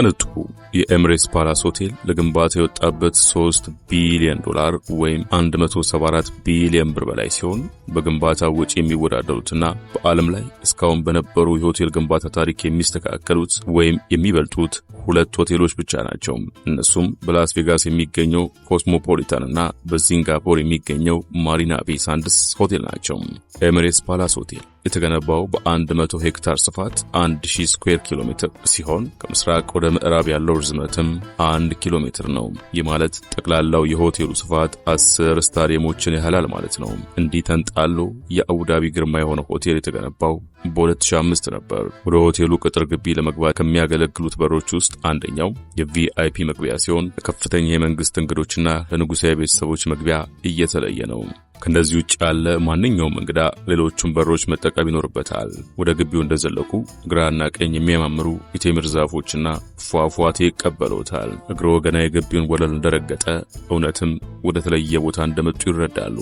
ቅንጡ የኤምሬትስ ፓላስ ሆቴል ለግንባታ የወጣበት 3 ቢሊዮን ዶላር ወይም 174 ቢሊዮን ብር በላይ ሲሆን በግንባታ ወጪ የሚወዳደሩትና በዓለም ላይ እስካሁን በነበሩ የሆቴል ግንባታ ታሪክ የሚስተካከሉት ወይም የሚበልጡት ሁለት ሆቴሎች ብቻ ናቸው። እነሱም በላስ ቬጋስ የሚገኘው ኮስሞፖሊታን እና በሲንጋፖር የሚገኘው ማሪና ቤ ሳንድስ ሆቴል ናቸው። ኤምሬትስ ፓላስ ሆቴል የተገነባው በ100 ሄክታር ስፋት 1000 ስኩዌር ኪሎ ሜትር ሲሆን ከምስራቅ ወደ ምዕራብ ያለው ርዝመትም 1 ኪሎ ሜትር ነው። ይህ ማለት ጠቅላላው የሆቴሉ ስፋት 10 ስታዲየሞችን ያህላል ማለት ነው። እንዲህ ተንጣሎ የአቡዳቢ ግርማ የሆነ ሆቴል የተገነባው በ2005 ነበር። ወደ ሆቴሉ ቅጥር ግቢ ለመግባት ከሚያገለግሉት በሮች ውስጥ አንደኛው የቪአይፒ መግቢያ ሲሆን ለከፍተኛ የመንግስት እንግዶችና ለንጉሳዊ ቤተሰቦች መግቢያ እየተለየ ነው። ከእነዚህ ውጭ ያለ ማንኛውም እንግዳ ሌሎቹን በሮች መጠቀም ይኖርበታል። ወደ ግቢው እንደዘለቁ ግራና ቀኝ የሚያማምሩ የቴምር ዛፎችና ፏፏቴ ይቀበሉታል። እግሮ ገና የግቢውን ወለል እንደረገጠ እውነትም ወደ ተለየ ቦታ እንደመጡ ይረዳሉ።